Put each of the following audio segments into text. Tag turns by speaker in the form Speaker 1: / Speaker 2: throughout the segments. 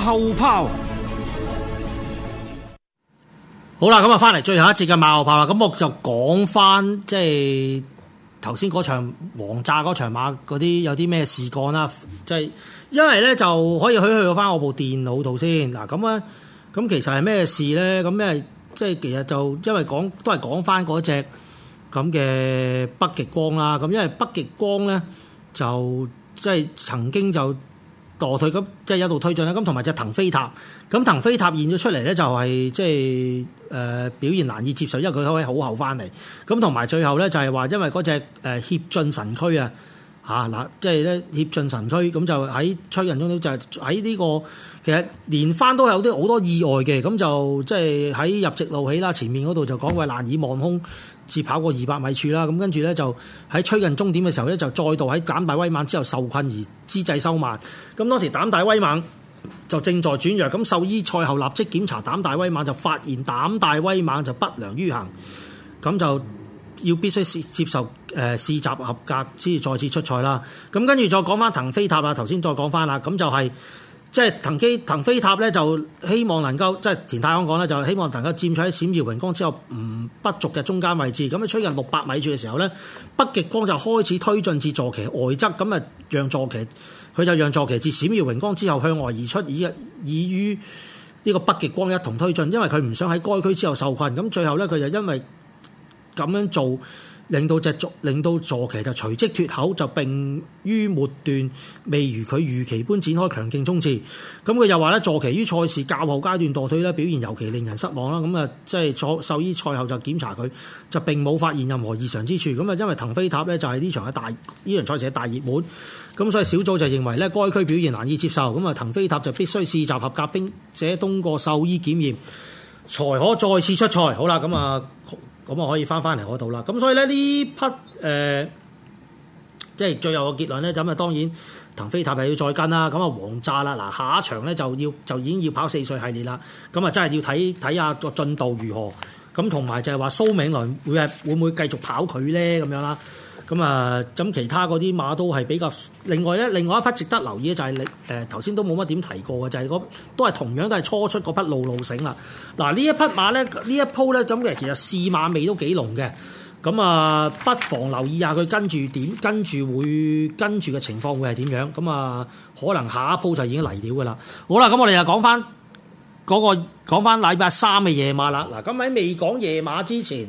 Speaker 1: 後炮好啦，咁啊翻嚟最後一節嘅馬後炮啦，咁我就講翻即係頭先嗰場黃炸嗰場馬嗰啲有啲咩事幹啦，即係因為咧就可以去去翻我部電腦度先嗱，咁啊咁其實係咩事咧？咁咩即係其實就因為講都係講翻嗰隻咁嘅北極光啦，咁因為北極光咧就即係曾經就。墮退咁，即係一度推進啦。咁同埋隻騰飛塔，咁騰飛塔現咗出嚟咧、就是，就係即係誒表現難以接受，因為佢可以好後翻嚟。咁同埋最後咧，就係話因為嗰隻誒協進神區啊，嚇嗱，即係咧協進神區，咁、啊、就喺出人中、這個，料，就喺呢個其實連翻都有啲好多意外嘅。咁就即係喺入直路起啦，前面嗰度就講話難以望空。至跑過二百米處啦，咁跟住咧就喺追近終點嘅時候咧，就再度喺膽大威猛之後受困而姿勢收慢。咁當時膽大威猛就正在轉弱，咁獸醫賽後立即檢查膽大威猛就發現膽大威猛就不良於行，咁就要必須接受誒試、呃、習合格先再次出賽啦。咁跟住再講返騰飛塔啦，頭先再講返啦，咁就係、是。即係騰機騰飛塔咧，就希望能夠即係田太康講咧，就希望能夠佔取喺閃耀榮光之後唔不足嘅中間位置。咁咧，吹近六百米處嘅時候咧，北極光就開始推進至座騎外側，咁啊，讓座騎佢就讓座騎至閃耀榮光之後向外而出，以以於呢個北極光一同推進，因為佢唔想喺該區之後受困。咁最後咧，佢就因為咁樣做。令到隻座令到坐騎就隨即脫口，就並於末段未如佢預期般展開強勁衝刺。咁佢又話咧，坐騎於賽事較後階段墮退咧，表現尤其令人失望啦。咁啊，即係坐獸醫賽後就檢查佢，就並冇發現任何異常之處。咁啊，因為騰飛塔咧就係呢場嘅大呢場賽事嘅大熱門，咁所以小組就認為咧該駒表現難以接受。咁啊，騰飛塔就必須試閘合格並且通過獸醫檢驗，才可再次出賽。好啦，咁啊。咁啊可以翻翻嚟嗰度啦，咁所以咧呢批誒、呃，即係最後個結論咧，就咁啊當然騰飛塔係要再跟啦，咁啊黃炸啦，嗱下一場咧就要就已經要跑四歲系列啦，咁啊真係要睇睇下個進度如何，咁同埋就係話蘇銘倫會係會唔會繼續跑佢咧咁樣啦。咁啊，咁、嗯、其他嗰啲馬都係比較，另外咧，另外一匹值得留意嘅就係你誒頭先都冇乜點提過嘅，就係、嗰、都係同樣都係初出嗰匹路路醒啦。嗱，呢一匹馬咧，呢一鋪咧，咁其實其實試馬味都幾濃嘅。咁、嗯、啊，不妨留意下佢跟住點，跟住會跟住嘅情況會係點樣。咁、嗯、啊，可能下一鋪就已經嚟料㗎啦。好啦，咁我哋又講翻嗰個講翻禮拜三嘅夜馬啦。嗱，咁喺未講夜馬之前。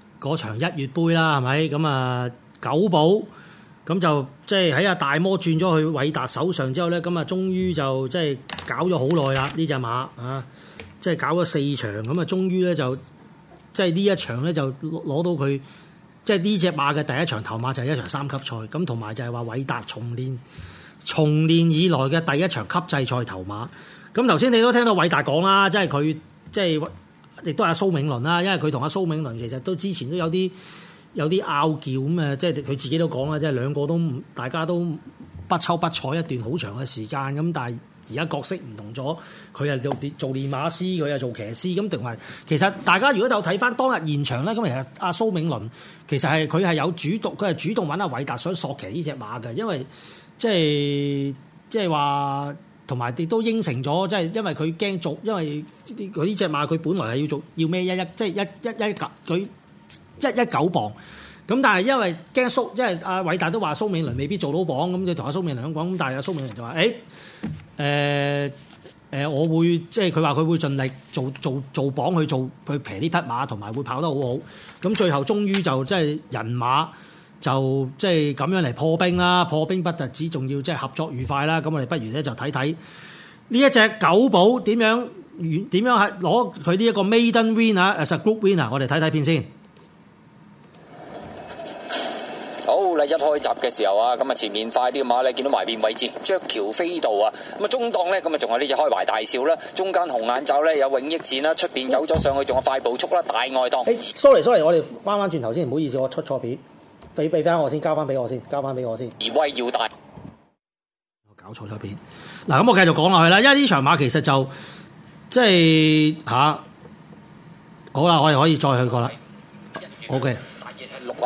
Speaker 1: 嗰場一月杯啦，係咪咁啊？九寶咁就即係喺阿大魔轉咗去偉達手上之後呢，咁啊，終於就即係、就是、搞咗好耐啦呢隻馬啊！即、就、係、是、搞咗四場咁啊，終於呢，就即係呢一場呢，就攞到佢即係呢隻馬嘅第一場頭馬，就係一場三級賽咁，同埋就係話偉達重練重練以來嘅第一場級制賽頭馬。咁頭先你都聽到偉達講啦，即係佢即係。就是亦都係阿蘇銘倫啦，因為佢同阿蘇銘倫其實都之前都有啲有啲拗撬咁啊，即係佢自己都講啦，即係兩個都大家都不抽不睬一段好長嘅時間咁，但係而家角色唔同咗，佢係做做練馬師，佢又做騎師咁，定係其實大家如果有睇翻當日現場咧，咁其實阿蘇銘倫其實係佢係有主動，佢係主動揾阿韋達想索騎呢隻馬嘅，因為即係即係話。同埋亦都應承咗，即係因為佢驚做，因為佢呢隻馬佢本來係要做要咩一一，即係一一一九佢一一九磅。咁但係因為驚縮，即係阿偉大都話蘇美倫未必做到榜，咁你同阿蘇美倫講，咁但係阿蘇美倫就話：誒誒誒，我會即係佢話佢會盡力做做做，做榜去做去騎呢匹馬，同埋會跑得好好。咁最後終於就即係人馬。就即係咁樣嚟破冰啦，破冰不特止，仲要即係合作愉快啦。咁我哋不如咧就睇睇呢一隻九寶點樣點樣係攞佢呢一個 maiden winner 誒，surgroup winner，我哋睇睇片先。
Speaker 2: 好啦一開閘嘅時候啊，咁啊前面快啲馬咧，見到埋邊位置，雀橋飛渡啊。咁啊中檔咧，咁啊仲係呢隻開懷大笑啦。中間紅眼罩咧有永益戰啦，出邊走咗上去仲有快步速啦，大外檔。誒
Speaker 1: ，sorry sorry，我哋翻翻轉頭先，唔好意思，我出錯片。俾俾翻我先，交翻畀我先，交翻畀我先。
Speaker 2: 而威要大，
Speaker 1: 我搞 錯咗邊？嗱，咁我繼續講落去啦，因為呢場馬其實就即係吓、啊，好啦，我哋可以再去過啦。O K。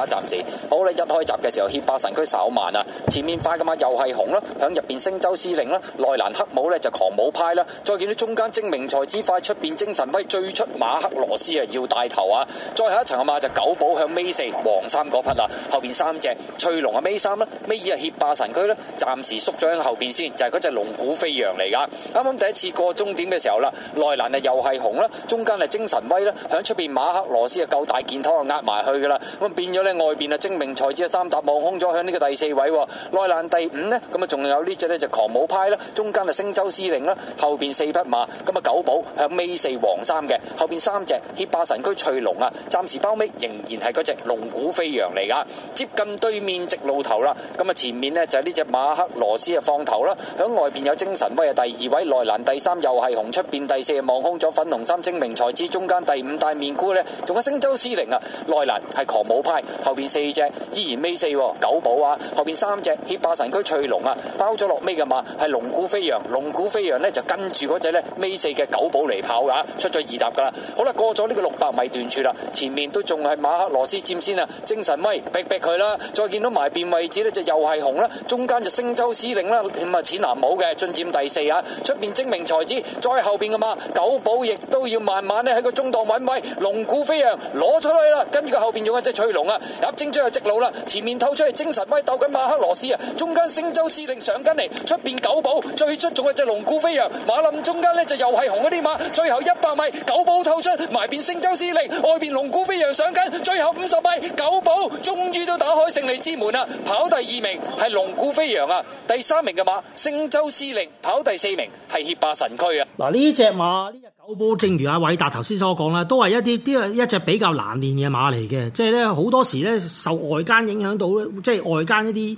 Speaker 2: 暫時好啦，一開閘嘅時候，協霸神駒稍慢啊，前面快噶嘛，又係紅啦，響入邊星洲司令啦，內蘭黑武咧就狂舞派啦，再見到中間精明才子快，出邊精神威最出馬克羅斯啊要帶頭啊，再下一層啊嘛就九寶向尾四黃三嗰匹啦，後邊三隻翠龍啊尾三啦，尾二係協霸神駒啦，暫時縮咗喺後邊先，就係嗰隻龍鼓飛揚嚟噶，啱啱第一次過終點嘅時候啦，內蘭啊又係紅啦，中間啊精神威啦，響出邊馬克羅斯啊夠大件頭啊壓埋去噶啦，咁變咗。外邊啊，精明才子啊，三踏望空咗，響呢個第四位；內欄第五呢？咁啊，仲有呢隻呢就狂舞派啦，中間啊，星洲司令啦，後邊四匹馬，咁啊，九寶響尾四黃三嘅，後邊三隻，協霸神駒翠龍啊，暫時包尾仍然係嗰隻龍鼓飛揚嚟噶，接近對面直路頭啦，咁啊，前面呢就係呢隻馬克羅斯啊，放頭啦，響外邊有精神威啊，第二位內欄第三又係紅，出邊第四望空咗，粉紅衫精明才子，中間第五大面姑呢，仲有星洲司令啊，內欄係狂舞派。後面四隻依然尾四，九寶啊！後面三隻喺霸神駒翠龍啊，包咗落尾嘅馬係龍鼓飛揚，龍鼓飛揚呢就跟住嗰隻呢尾四嘅九寶嚟跑啊，出咗二搭噶啦！好啦，過咗呢個六百米段處啦，前面都仲係馬克羅斯佔先啊，精神威逼逼佢啦！再見到埋邊位置呢，就又係紅啦，中間就星洲司令啦，咁啊淺藍帽嘅進佔第四啊，出邊精明才子，再後邊嘅馬九寶亦都要慢慢呢喺個中檔搵位，龍鼓飛揚攞出去啦，跟住佢後邊仲有一隻翠龍啊！入精章就直路啦，前面透出係精神威鬥緊馬克羅斯啊，中間星洲司令上緊嚟，出邊九寶最出仲係隻龍鼓飛揚，馬林中間呢就又係紅嗰啲馬，最後一百米九寶透出埋，邊星洲司令，外邊龍鼓飛揚上緊，最後五十米九寶終於都打開勝利之門啦，跑第二名係龍鼓飛揚啊，第三名嘅馬星洲司令，跑第四名係協霸神駒啊，
Speaker 1: 嗱呢隻馬呢好波！正如阿偉達頭先所講啦，都係一啲啲一隻比較難練嘅馬嚟嘅，即係咧好多時咧受外間影響到咧，即係外間一啲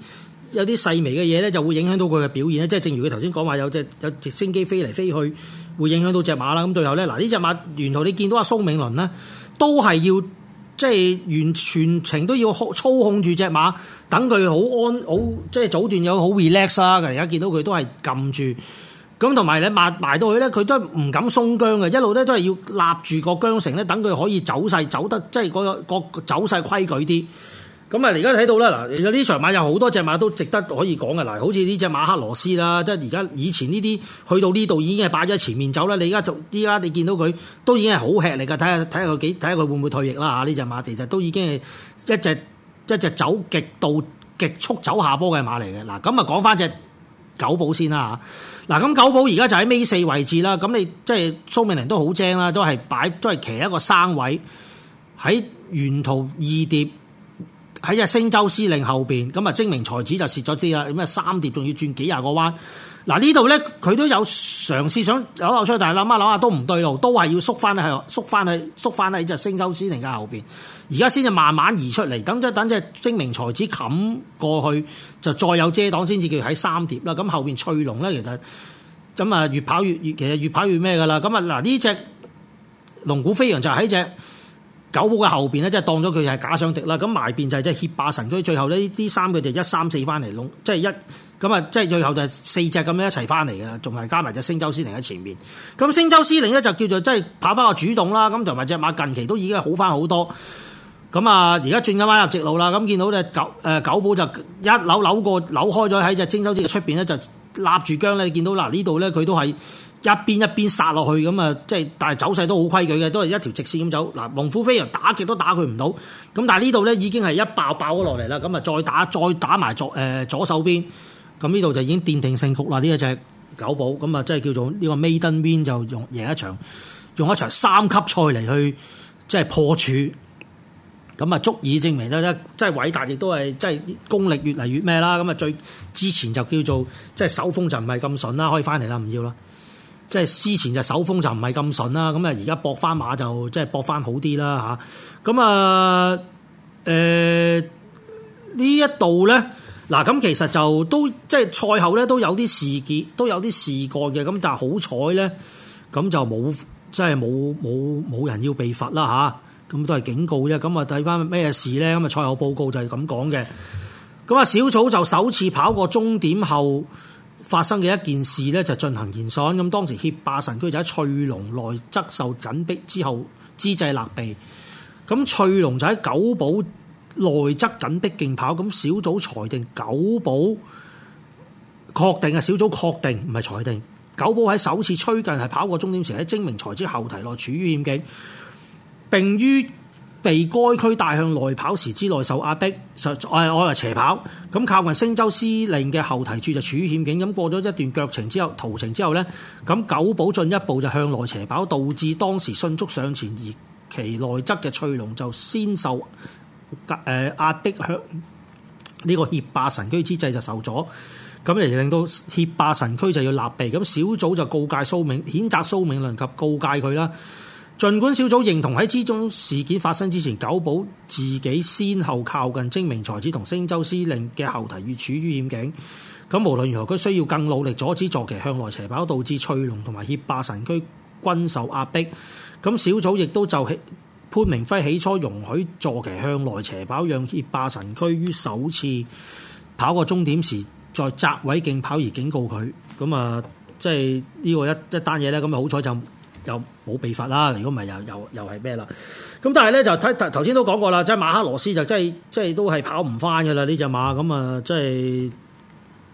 Speaker 1: 有啲細微嘅嘢咧，就會影響到佢嘅表現咧。即係正如佢頭先講話有隻有直升機飛嚟飛去，會影響到隻馬啦。咁最後咧，嗱呢隻馬沿途你見到阿蘇銘倫咧，都係要即係完全程都要操控住隻馬，等佢好安好，即係、就是、早段有好 relax 啦。而家見到佢都係撳住。咁同埋你埋埋到去咧，佢都唔敢鬆韁嘅，一路咧都係要立住個韁繩咧，等佢可以走勢走得即係嗰個走勢規矩啲。咁啊，而家睇到啦，嗱，其實呢場馬有好多隻馬都值得可以講嘅，嗱，好似呢隻馬克羅斯啦，即係而家以前呢啲去到呢度已經係擺咗喺前面走啦。你而家就而家你見到佢都已經係好吃力嘅，睇下睇下佢幾睇下佢會唔會退役啦嚇呢隻馬，其實都已經係一隻一隻走極度極速走下坡嘅馬嚟嘅。嗱，咁啊講翻隻。九寶先啦。嗱，咁九寶而家就喺尾四位置啦。咁你即係蘇明玲都好正啦，都係擺都係騎一個生位喺沿途二碟喺阿星洲司令後邊。咁啊，精明才子就蝕咗啲啦。咁啊，三碟仲要轉幾廿個彎。嗱呢度咧，佢都有嘗試想走漏出去。但係諗下諗下都唔對路，都係要縮翻去縮翻去縮翻去，喺隻星洲定嘅後邊。而家先至慢慢移出嚟，咁即係等隻精明才子冚過去，就再有遮擋先至叫喺三碟啦。咁後邊翠龍咧，其實咁啊越跑越越，其實越跑越咩噶啦。咁啊嗱呢隻龍鼓飛揚就喺隻九股嘅後邊咧，即、就、係、是、當咗佢係假想敵啦。咁埋邊就係即係協霸神，所以最後呢啲三佢就一三四翻嚟攏，即、就、係、是、一。咁啊，即係最後就係四隻咁樣一齊翻嚟嘅啦，仲係加埋隻星洲司令喺前面。咁星洲司令咧就叫做即係跑翻個主動啦。咁同埋隻馬近期都已經係好翻好多。咁啊，而家轉緊馬入直路啦。咁見到咧九誒、呃、九寶就一扭扭過扭開咗喺隻星洲司令出邊咧，就立住姜咧。你見到嗱呢度咧佢都係一邊一邊殺落去咁啊，即係但係走勢都好規矩嘅，都係一條直線咁走。嗱，龍虎飛揚打極都打佢唔到。咁但係呢度咧已經係一爆爆咗落嚟啦。咁啊，再打再打埋左誒、呃、左手邊。咁呢度就已經奠定勝局啦！呢一隻九保咁啊，即係叫做呢個 maiden win 就用贏一場，用一場三級賽嚟去即係破處，咁啊足以證明咧咧，即係偉大亦都係即係功力越嚟越咩啦！咁啊，最之前就叫做即係手風就唔係咁順啦，可以翻嚟啦，唔要啦。即係之前就手風就唔係咁順啦，咁啊而家搏翻馬就即係搏翻好啲啦嚇！咁啊誒、呃、呢一度咧？嗱，咁其實就都即係賽後咧都有啲事件，都有啲事幹嘅，咁但係好彩咧，咁就冇即係冇冇冇人要被罰啦吓，咁都係警告啫。咁啊睇翻咩事咧，咁啊賽後報告就係咁講嘅。咁啊小草就首次跑過終點後發生嘅一件事咧，就進行研訊。咁當時協霸神驅就喺翠龍內側受緊逼之後姿勢立避，咁翠龍就喺九保。內側緊逼競跑，咁小組裁定九保確定啊！小組確定唔係裁定。九保喺首次趨近係跑過終點時，喺精明才知後蹄內處於險境，並於被該區帶向內跑時之內受壓迫，實、哎、誒我係斜跑。咁靠近星洲司令嘅後蹄處就處於險境。咁過咗一段腳程之後，途程之後呢，咁九保進一步就向內斜跑，導致當時迅速上前而其內側嘅翠龍就先受壓誒迫向呢個協霸神區之際就受阻，咁嚟令到協霸神區就要勒避，咁小組就告誡蘇銘，譴責蘇銘倫及告誡佢啦。儘管小組認同喺之中事件發生之前，九保自己先後靠近精明才子同星州司令嘅後蹄，而處於險境。咁無論如何，佢需要更努力阻止坐騎向內斜跑，導致翠龍同埋協霸神區均受壓迫。咁小組亦都就起。潘明輝起初容許坐騎向內斜跑，讓傑霸神驅於首次跑過終點時再窄位競跑而警告佢。咁、嗯、啊，即係呢個一一單嘢咧。咁好彩就又冇被罰啦。如果唔係，又又又係咩啦？咁但係咧，就睇頭先都講過啦。即係馬克羅斯就真係即係都係跑唔翻㗎啦。呢隻馬咁啊，即係。即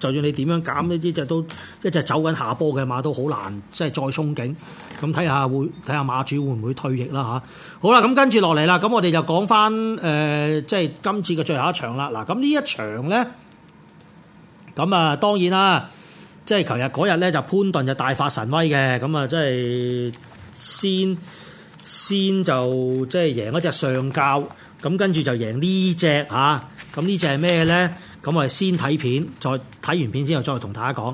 Speaker 1: 就算你點樣減呢啲隻都，一隻走緊下坡嘅馬都好難，即係再衝勁。咁睇下會，睇下馬主會唔會退役啦吓。好啦，咁跟住落嚟啦，咁我哋就講返誒，即係今次嘅最後一場啦。嗱，咁呢一場咧，咁啊當然啦，即係琴日嗰日咧就潘頓就大發神威嘅，咁啊即係先先就即係贏一隻上教，咁跟住就贏隻、啊、隻呢隻吓，咁呢隻係咩咧？咁我哋先睇片，再睇完片之後再同大家講。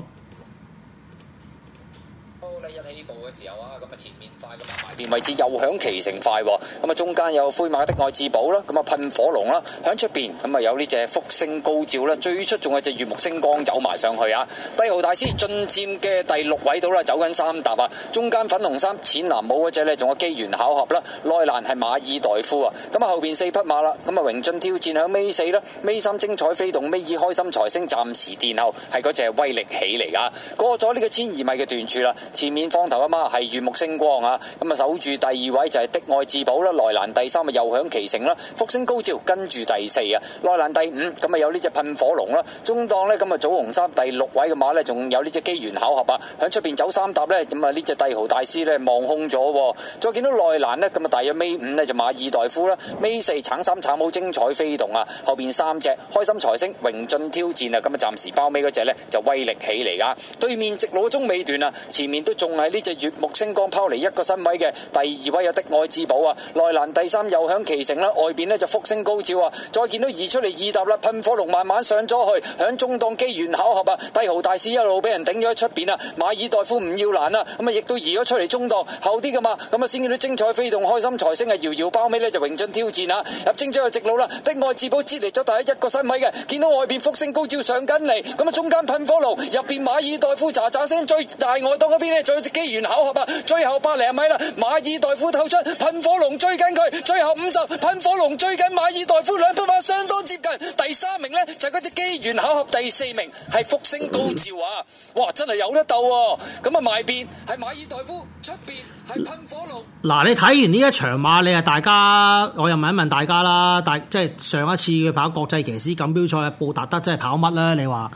Speaker 2: 位置又響其成快，咁啊中間有灰馬的愛智寶啦，咁啊噴火龍啦，響出邊咁啊有呢隻福星高照啦，最出眾嘅隻月木星光走埋上去啊！帝豪大師進佔嘅第六位到啦，走緊三搭啊，中間粉紅衫淺藍帽嗰隻呢，仲有機緣巧合啦，內欄係馬爾代夫啊，咁啊後邊四匹馬啦，咁啊榮進挑戰響尾四啦，尾三精彩飛動，尾二開心財星暫時殿後，係嗰隻威力起嚟噶，過咗呢個千二米嘅段處啦，前面方頭啊嘛係月木星光啊，咁啊保住第二位就係的愛自保啦，內蘭第三咪又享其成啦，福星高照跟住第四啊，內蘭第五咁啊有呢隻噴火龍啦，中檔呢，咁啊祖紅衫第六位嘅馬呢，仲有呢隻機緣巧合啊，喺出邊走三搭呢。咁啊呢隻帝豪大師呢，望空咗，再見到內蘭呢，咁啊大，大約尾五呢，就馬爾代夫啦，尾四橙三橙好精彩飛動啊，後邊三隻開心財星榮駿挑戰啊，咁啊暫時包尾嗰隻呢，就威力起嚟噶，對面直路中尾段啊，前面都仲係呢隻月木星光拋嚟一個身位嘅。第二位有的愛之寶啊，內欄第三又響其城啦，外邊呢就福星高照啊！再見到移出嚟二搭啦，噴火龍慢慢上咗去，響中檔機緣巧合啊！帝豪大使一路俾人頂咗喺出邊啊，馬爾代夫唔要難啊！咁啊，亦都移咗出嚟中檔後啲噶嘛，咁啊先見到精彩飛動開心財星啊，搖搖包尾呢就榮進挑戰啊。入精將嘅直路啦，的愛之寶接嚟咗第一一個身米嘅，見到外邊福星高照上緊嚟，咁啊中間噴火龍入邊馬爾代夫喳喳聲，最大外檔嗰邊呢仲有隻機緣巧合啊，最後百零米啦。馬爾代夫透出噴火龍追緊佢，最後五十噴火龍追緊馬爾代夫，兩匹馬相當接近，第三名呢，就係嗰隻機緣巧合，第四名係福星高照啊！哇，真係有得鬥喎！咁啊，埋邊係馬爾代夫，出邊係噴火
Speaker 1: 龍。嗱，你睇完呢一場馬，你啊，大家，我又問一問大家啦，大即係上一次佢跑國際騎師錦標賽，布達德真係跑乜啦？你話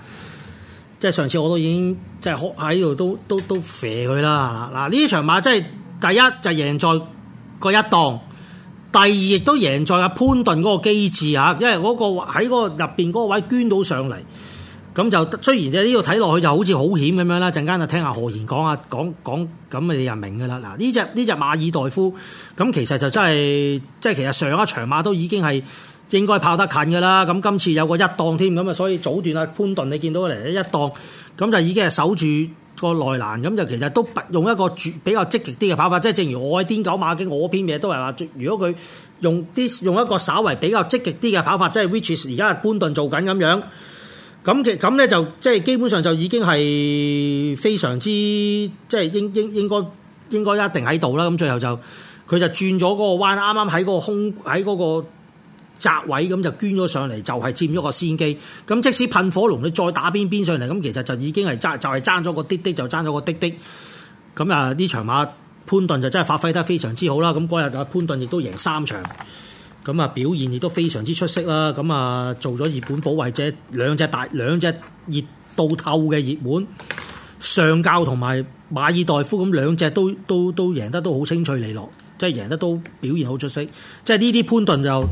Speaker 1: 即係上次我都已經即係喺度都都都肥佢啦。嗱，呢場馬真係。第一就贏在個一檔，第二亦都贏在阿潘頓嗰個機智嚇，因為嗰喺嗰個入邊嗰個位捐到上嚟，咁就雖然呢度睇落去就好似好險咁樣啦，陣間就聽阿何言講下講講，咁你就明㗎啦。嗱，呢隻呢隻馬爾代夫，咁其實就真係即係其實上一場馬都已經係應該跑得近㗎啦，咁今次有一個一檔添，咁啊所以早段阿潘頓，你見到嚟一檔，咁就已經係守住。個內欄，咁就其實都不用一個主比較積極啲嘅跑法，即係正如我喺癲狗馬經，我篇嘢都係話，如果佢用啲用一個稍為比較積極啲嘅跑法，即係 w i t c h e s 而家潘頓做緊咁樣，咁嘅咁咧就即係基本上就已經係非常之即係應應應該應該一定喺度啦。咁最後就佢就轉咗嗰個彎，啱啱喺嗰個空喺嗰個，窄位咁就捐咗上嚟，就係佔咗個先機。咁即使噴火龍你再打邊邊上嚟，咁其實就已經係爭就係爭咗個滴滴，就爭咗個滴滴。咁啊，呢場馬潘頓就真係發揮得非常之好啦。咁嗰日阿潘頓亦都贏三場，咁啊表現亦都非常之出色啦。咁啊做咗熱門保衞者，兩隻大兩隻熱到透嘅熱門上教同埋馬爾代夫，咁兩隻都都都贏得都好清脆利落，即係贏得都表現好出色。即係呢啲潘頓就。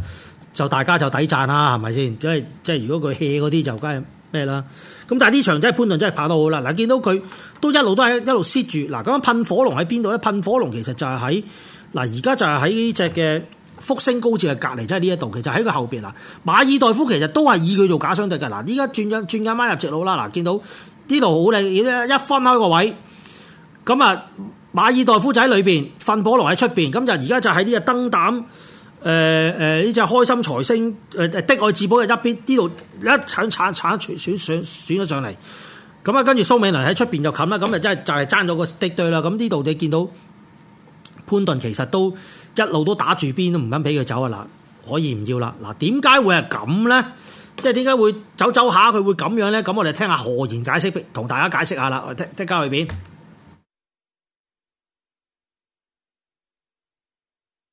Speaker 1: 就大家就抵賺啦，係咪先？即係即係，如果佢 hea 嗰啲就梗係咩啦？咁但係呢場真係潘頓真係跑得好啦！嗱，見到佢都一路都係一路 set 住嗱。咁噴火龍喺邊度咧？噴火龍其實就係喺嗱，而家就係喺呢隻嘅福星高照嘅隔離，即係呢一度，其實喺佢後邊嗱。馬爾代夫其實都係以佢做假想對象嗱。而家轉轉緊翻入直路啦，嗱，見到呢度好靚，一分開一個位。咁啊，馬爾代夫仔裏邊，噴火龍喺出邊，咁就而家就喺呢個燈膽。誒誒，呢隻、呃、開心財星誒、呃、的愛至寶嘅一邊，呢度一搶搶搶選選選咗上嚟，咁啊跟住蘇美倫喺出邊就冚啦，咁啊真係就係爭咗個跌對啦，咁呢度你見到潘頓其實都一路都打住邊都唔肯俾佢走啊嗱，可以唔要啦嗱，點解會係咁咧？即係點解會走走下佢會咁樣咧？咁我哋聽下何言解釋，同大家解釋下啦，即係交去邊。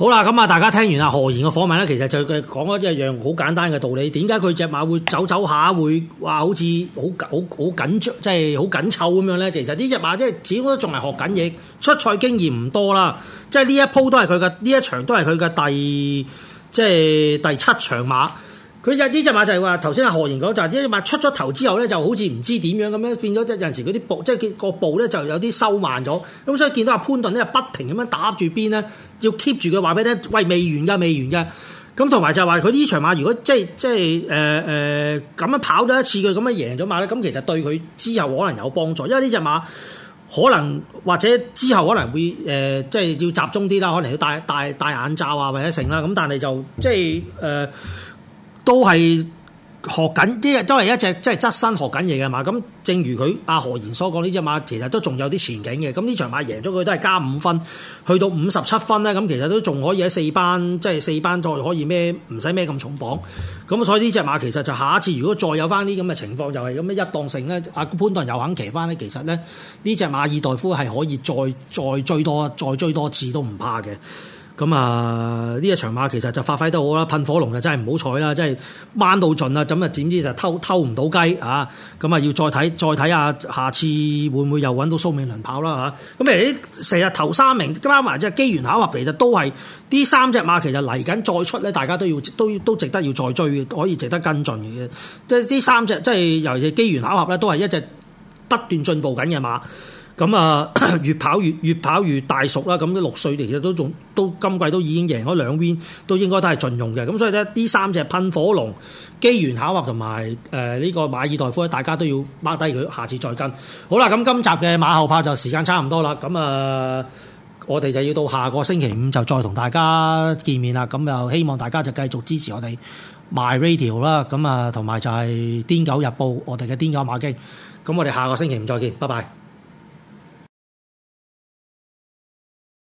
Speaker 1: 好啦，咁啊，大家聽完阿何賢嘅訪問咧，其實就講一一樣好簡單嘅道理。點解佢隻馬會走走下，會哇好似好緊好好緊張，即係好緊湊咁樣咧？其實呢隻馬即係始終都仲係學緊嘢，出賽經驗唔多啦。即係呢一鋪都係佢嘅，呢一場都係佢嘅第即係第七場馬。佢呢隻馬就係話頭先阿何賢講就係，呢隻馬出咗頭之後咧，就好似唔知點樣咁樣，變咗即係有陣時嗰啲步即係個步咧就有啲收慢咗。咁所以見到阿潘頓咧不停咁樣打住邊咧。要 keep 住佢話俾你聽，喂，未完㗎，未完㗎，咁同埋就係話佢呢場馬，如果即係即係誒誒咁樣跑咗一次，佢咁樣贏咗馬咧，咁其實對佢之後可能有幫助，因為呢隻馬可能或者之後可能會誒、呃、即係要集中啲啦，可能要戴戴戴眼罩啊或者成啦，咁但係就即係誒、呃、都係。學緊啲，都係一隻即係側身學緊嘢嘅馬。咁正如佢阿何言所講，呢隻馬其實都仲有啲前景嘅。咁呢場馬贏咗佢都係加五分，去到五十七分咧。咁其實都仲可以喺四班，即係四班再可以咩，唔使咩咁重磅。咁所以呢隻馬其實就下一次如果再有翻啲咁嘅情況，又係咁樣一檔性咧。阿潘頓又肯騎翻咧，其實咧呢隻馬爾代夫係可以再再追多再追多次都唔怕嘅。咁啊，呢、嗯、一場馬其實就發揮得好啦，噴火龍就真係唔好彩啦，真係掹到盡啦，咁啊，點知就偷偷唔到雞啊！咁啊，要再睇再睇下，下次會唔會又搵到蘇美倫跑啦嚇？咁而啲成日頭三名加埋即係機緣巧合，其實都係呢三隻馬其實嚟緊再出咧，大家都要都都值得要再追嘅，可以值得跟進嘅。即係呢三隻，即係尤其係機緣巧合咧，都係一隻不斷進步緊嘅馬。咁啊、嗯，越跑越越跑越大熟啦！咁六歲其實都仲都今季都已經贏咗兩邊都應該都係盡用嘅。咁所以咧，呢三隻噴火龍、機緣巧合同埋誒呢個馬爾代夫咧，大家都要 mark 低佢，下次再跟。好啦，咁今集嘅馬後炮就時間就差唔多啦。咁啊、呃，我哋就要到下個星期五就再同大家見面啦。咁啊，希望大家就繼續支持我哋 My Radio 啦。咁啊、就是，同埋就係癲狗日報，我哋嘅癲狗馬經。咁我哋下個星期五再見，拜拜。